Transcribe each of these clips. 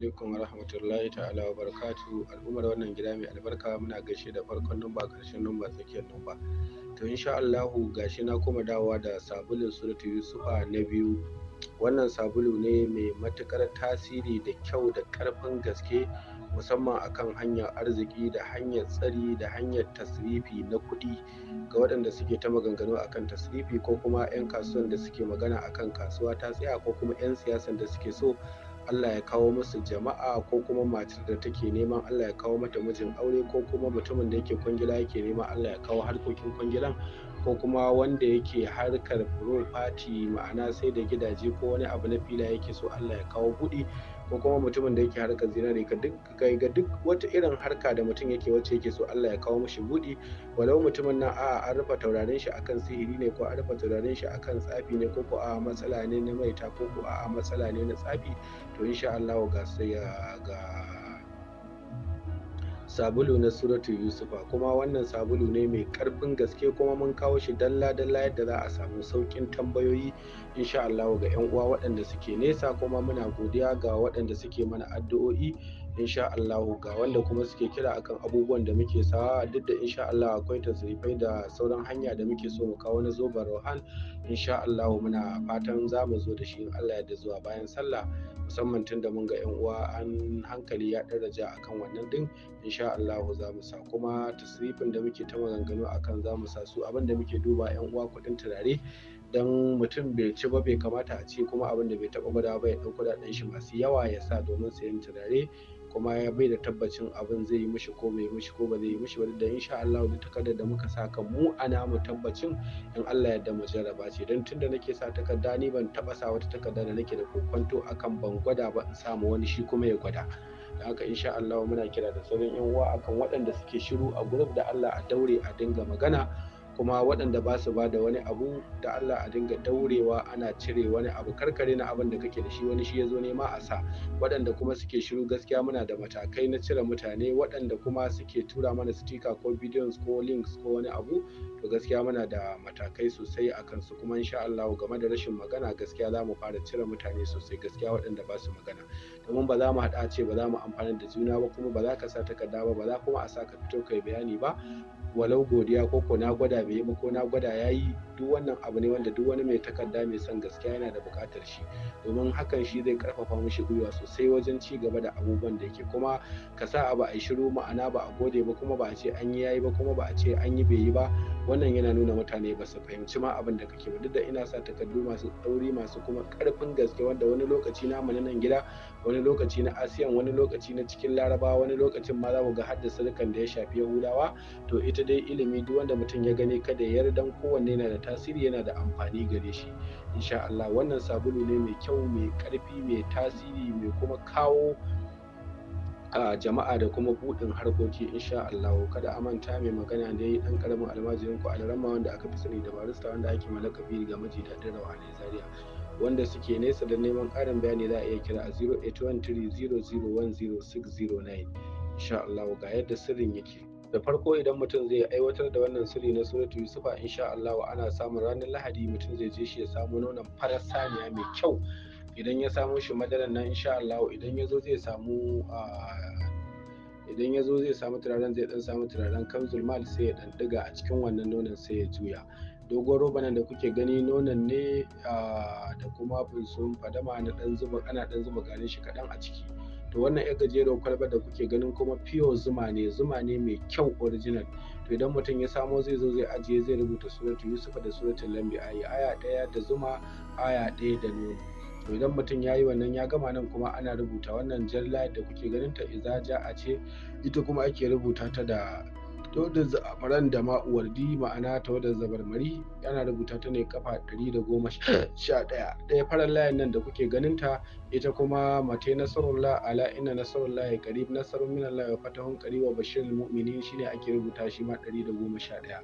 alaikum warahmatullahi ta'ala wa Barkatu, al'ummar wannan gida mai albarka muna gaishe da farkon numba karshen numba tsakiyar numba to insha Allahu gashi na kuma dawowa da sabulin suratu yusufa na biyu wannan sabulu ne mai matukar tasiri da kyau da karfin gaske musamman akan hanyar arziki da hanyar tsari da hanyar tasrifi na kuɗi ga waɗanda suke ta maganganu akan tasrifi ko kuma 'yan kasuwan da suke magana akan kasuwa ta tsaya ko kuma 'yan siyasan da suke so Allah ya kawo musu jama'a ko kuma matar da take neman Allah ya kawo mata mijin aure ko kuma mutumin da yake kwangila yake neman Allah ya kawo harkokin kwangilan ko kuma wanda yake harkar furo party ma'ana sai da gidaje ko wani abu na fila yake so Allah ya kawo kuɗi. ko kuma mutumin da yake harkar zinari ka duk ga duk wata irin harka da mutum yake wacce yake so Allah ya kawo mashi buɗi walau mutumin na, a an rufe taurarin shi akan sihiri ne ko an rufe taurarin shi akan tsafi ne ko ko a matsala ne na maita ko ko a matsala ne na tsafi to insha Allah ga sai ga sabulu na suratu yusufa kuma wannan sabulu ne mai karfin gaske kuma mun kawo shi dalla dalla yadda za a samu saukin tambayoyi insha Allah ga yan uwa waɗanda suke nesa kuma muna godiya ga waɗanda suke mana addu'o'i insha Allahu ga wanda kuma suke kira akan abubuwan da muke sawa duk da insha Allah akwai tasrifai da sauran hanya da muke so mu kawo na zoba rohan insha Allahu muna fatan za mu zo da shi in Allah da zuwa bayan sallah musamman tun da mun ga yan uwa an hankali ya daraja akan wannan din insha Allahu za mu sa kuma tasrifin da muke ta maganganu akan za mu sa su abin da muke duba yan uwa kuɗin turare dan mutum bai ci ba bai kamata a ce kuma abin da bai taɓa gwada ba ya ɗau kuɗaɗen shi masu yawa ya sa domin sayan turare kuma ya bai da tabbacin abin zai yi mishi ko bai mishi ko ba zai yi mishi ba da insha Allah da takardar da muka saka mu a namu tabbacin in Allah ya damu mu ce don tunda nake sa takarda ni ban taba sa wata takarda da nake da kokonto akan ban gwada ba in samu wani shi kuma ya gwada da haka insha Allah muna kira da sauran yan uwa akan waɗanda suke shiru a gurin da Allah a daure a dinga magana kuma waɗanda ba su ba da wani abu da Allah a dinga daurewa ana cire wani abu karkare na abin da kake da shi wani shi ya zo nema a sa waɗanda kuma suke shiru gaskiya muna da matakai na cire mutane waɗanda kuma suke tura mana stika ko videos ko links ko wani abu to gaskiya muna da matakai sosai a kansu kuma insha Allah game da rashin magana gaskiya za mu fara cire mutane sosai gaskiya waɗanda ba su magana domin ba za mu haɗa ce ba za mu amfana da juna ba kuma ba za ka sa takarda ba ba za kuma a sa ka fito kai bayani ba walau godiya ko ko na gwada bai yi ba ko na gwada ya yi duk wannan abu ne wanda duk wani mai takarda mai son gaskiya yana da buƙatar shi domin hakan shi zai karfafa mishi gwiwa sosai wajen ci gaba da abubuwan da yake kuma ka sa abu a shiru ma'ana ba a gode ba kuma ba a ce an yi yayi ba kuma ba a ce an yi bai yi ba wannan yana nuna mutane ba su fahimci ma abin da kake ba duk da ina sa takardu masu tsauri masu kuma karfin gaske wanda wani lokaci na nan gida wani lokaci na asiyan wani lokaci na cikin laraba wani lokacin ma za mu ga har da da ya shafi yahudawa to ita dai ilimi duk wanda mutum ya gani kada ya ko kowanne yana da tasiri yana da amfani gare shi insha Allah wannan sabulu ne mai kyau mai karfi mai tasiri mai kuma kawo a jama'a da kuma buɗin harkoki insha Allah kada a manta mai magana da yayi dan karamin almajirin ku alarama wanda aka fi sani da barista wanda ake malaka biyu ga maji dadin rawa a zaria wanda suke nesa da neman ƙarin bayani za a iya kira a 0813001069 insha Allah ga yadda sirrin yake da farko idan mutum zai aiwatar da wannan sirri na suratu yusufa insha Allah ana samun ranar lahadi mutum zai je shi ya samu nonon farar saniya mai kyau idan ya samu shi madaran nan insha Allah idan ya zo zai samu idan ya zo zai samu turaren zai dan samu turaren kamzul mal sai ya dan diga a cikin wannan nonon sai ya juya dogon roba nan da kuke gani nonon ne da kuma bunsun fadama na dan zuba ana dan zuba garin shi kadan a ciki to wannan yar gajerar kwalba da kuke ganin kuma pure zuma ne zuma ne mai kyau original to idan mutum ya samo zai zo zai ajiye zai rubuta suratu yusufa da suratul lambi ayi aya daya da zuma aya daya da nono to idan mutum ya yi wannan ya gama nan kuma ana rubuta wannan jar da kuke ganin ta izaja a ce ita kuma ake rubuta ta da tawadar zamaran da ma'uwardi ma'ana ta wadda zabarmari yana rubuta ta ne kafa 111 ɗaya farar layin nan da kuke ganinta ita kuma matai nasarullah ala inna nasarullah karib nasarun min Allah wa fatahun qarib wa mu'mini shi shine ake rubuta shi ma 111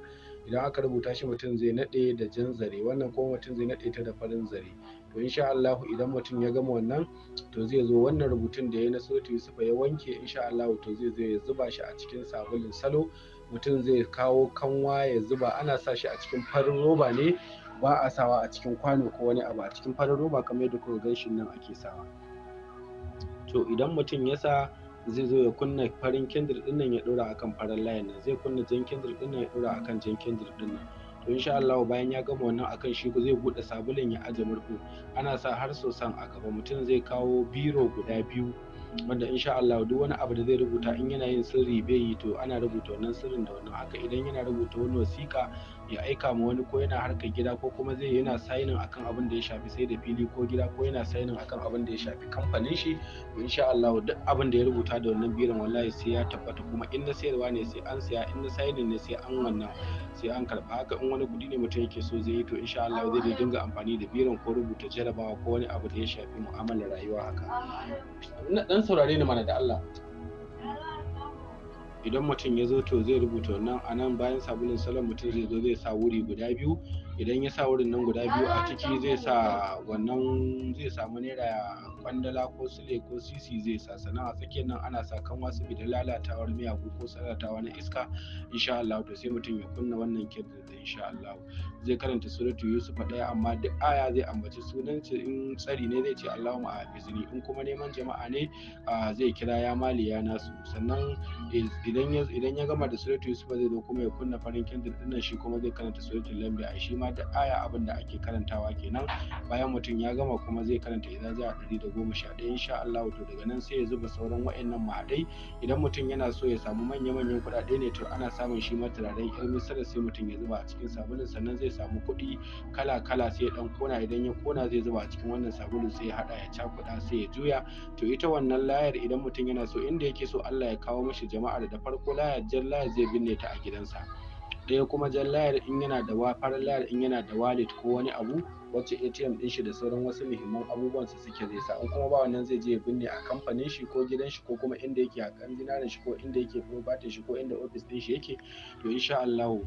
idan aka rubuta shi mutum zai nade da jan zare wannan kuma mutum zai nade ta da farin zare to insha Allah idan mutum ya gama wannan to zai zo wannan rubutun da ya na suratu Yusufa ya wanke insha Allah to zai zo ya zuba shi a cikin sabulin salo mutum zai kawo kanwa ya zuba ana sa shi a cikin farin roba ne ba a sawa a cikin kwano ko wani abu a cikin farin roba kamar yadda kuka gan shi nan ake sawa to idan mutum ya sa zai zo ya kunna farin kendir din nan ya dora akan farin layin nan zai kunna jan kendir din nan ya dora akan jan kendir din nan to insha Allah bayan ya gama wannan akan shi zai buɗe sabulun ya aje murfi ana sa har sosan a gaba mutum zai kawo biro guda biyu wanda insha Allah duk wani abu da zai rubuta in yana yin sirri bai yi to ana rubuta wannan sirrin da wannan haka idan yana rubuta wani wasiƙa ya aika ma wani ko yana harkar gida ko kuma zai yana sainin akan abin da ya shafi sai da fili ko gida ko yana sainin akan abin da ya shafi kamfanin shi to insha Allah duk abin da ya rubuta da wannan birin wallahi sai ya tabbata kuma in na sayarwa ne sai an saya in na sainin ne sai an wannan sai an karba haka in wani kuɗi ne mutum yake so zai yi to insha Allah zai dinga amfani da birin ko rubuta jarabawa ko wani abu da ya shafi mu'amalar rayuwa haka saurare ni mana da Allah idan mutum ya zo to zai rubuta wannan a nan bayan sabulin salon mutum zai zo zai sa wuri guda biyu idan ya sa wurin nan guda biyu a ciki zai sa wannan zai samu naira kwandala ko sule ko sisi zai sa sannan a tsakiyar nan ana sa kan wasu da lalatawar miyagu ko saratawa na iska insha Allah to sai mutum ya kunna wannan kirda da insha Allah zai karanta suratu Yusuf ɗaya amma duk aya zai ambaci sunan in tsari ne zai ce Allahumma afizni in kuma neman jama'a ne zai kira ya mali ya nasu sannan idan ya gama da suratu Yusuf zai zo kuma ya kunna farin kirda dinnan shi kuma zai karanta suratu Lambi a shi ma ma da aya abin da ake karantawa kenan bayan mutum ya gama kuma zai karanta idan za a ɗari da goma sha ɗaya insha Allah to daga nan sai ya zuba sauran wa'annan mahaɗai idan mutum yana so ya samu manya-manyan kuɗaɗe ne to ana samun shi ma turaren ƴan misira sai mutum ya zuba a cikin sabulun sannan zai samu kuɗi kala-kala sai ya ɗan kona idan ya kona zai zuba a cikin wannan sabulun sai ya haɗa ya cakuɗa sai ya juya to ita wannan layar idan mutum yana so inda yake so Allah ya kawo mishi jama'ar da farko layar jan layar zai binne ta a gidansa. ɗaya kuma jan layar in yana da farar layar in yana da wallet ko wani abu wacce ATM ɗin shi da sauran wasu muhimman abubuwan su suke zai sa in kuma ba wannan zai je ya binne a kamfanin shi ko gidan shi ko kuma inda yake kan zinarin shi ko inda yake property shi ko inda office ɗin shi yake to insha Allahu.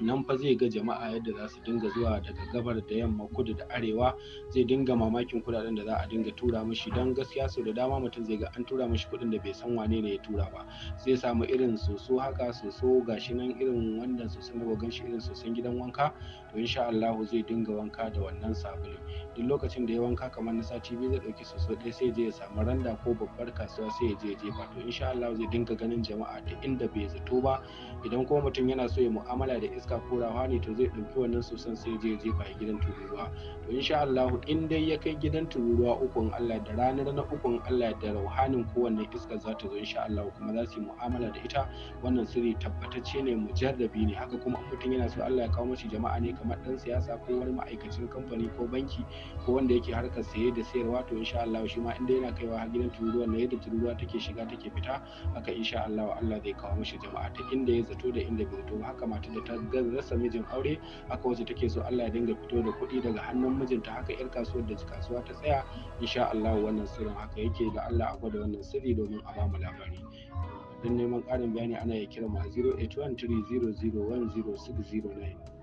nan fa zai ga jama'a yadda za su dinga zuwa daga gabar da yamma kudu da arewa zai dinga mamakin kudaden da za a dinga tura mishi don gaskiya sau da dama mutum zai ga an tura mishi kudin da bai san wane ne ya tura ba zai samu irin soso haka soso gashi nan irin wanda soson da irin soson gidan wanka to insha Allah zai dinga wanka da wannan sabulin duk lokacin da ya wanka kamar na sati biyu zai ɗauki soso ɗaya sai je ya samu randa ko babbar kasuwa sai ya je jefa to insha Allah zai dinga ganin jama'a da inda bai zato ba idan kuma mutum yana so ya mu'amala da iska ko rawa ne to zai ɗauki wannan soson sai je ya jefa a gidan tururuwa to insha Allah in dai ya kai gidan tururuwa ukun Allah da ranar na ukun Allah da rauhanin kowanne iska za ta zo insha Allah kuma za su yi mu'amala da ita wannan sirri tabbatacce ne mujarrabi ne haka kuma mutum yana so Allah ya kawo mashi jama'a ne kamar ɗan siyasa ko wani ma'aikacin kamfani ko banki ko wanda yake harkar saye da sayarwa to insha Allah shi ma inda yana kaiwa har gidan tururuwa na yadda tururuwa take shiga take fita haka insha Allah Allah zai kawo mishi jama'a ta inda ya zato da inda bai zato haka mata da ta rasa mijin aure haka wace take so Allah ya dinga fito da kuɗi daga hannun mijinta haka yar kasuwar da kasuwa ta tsaya insha Allah wannan sirrin haka yake da Allah a gwada wannan sirri domin a bamu labari don neman ƙarin bayani ana iya kira ma 081 3001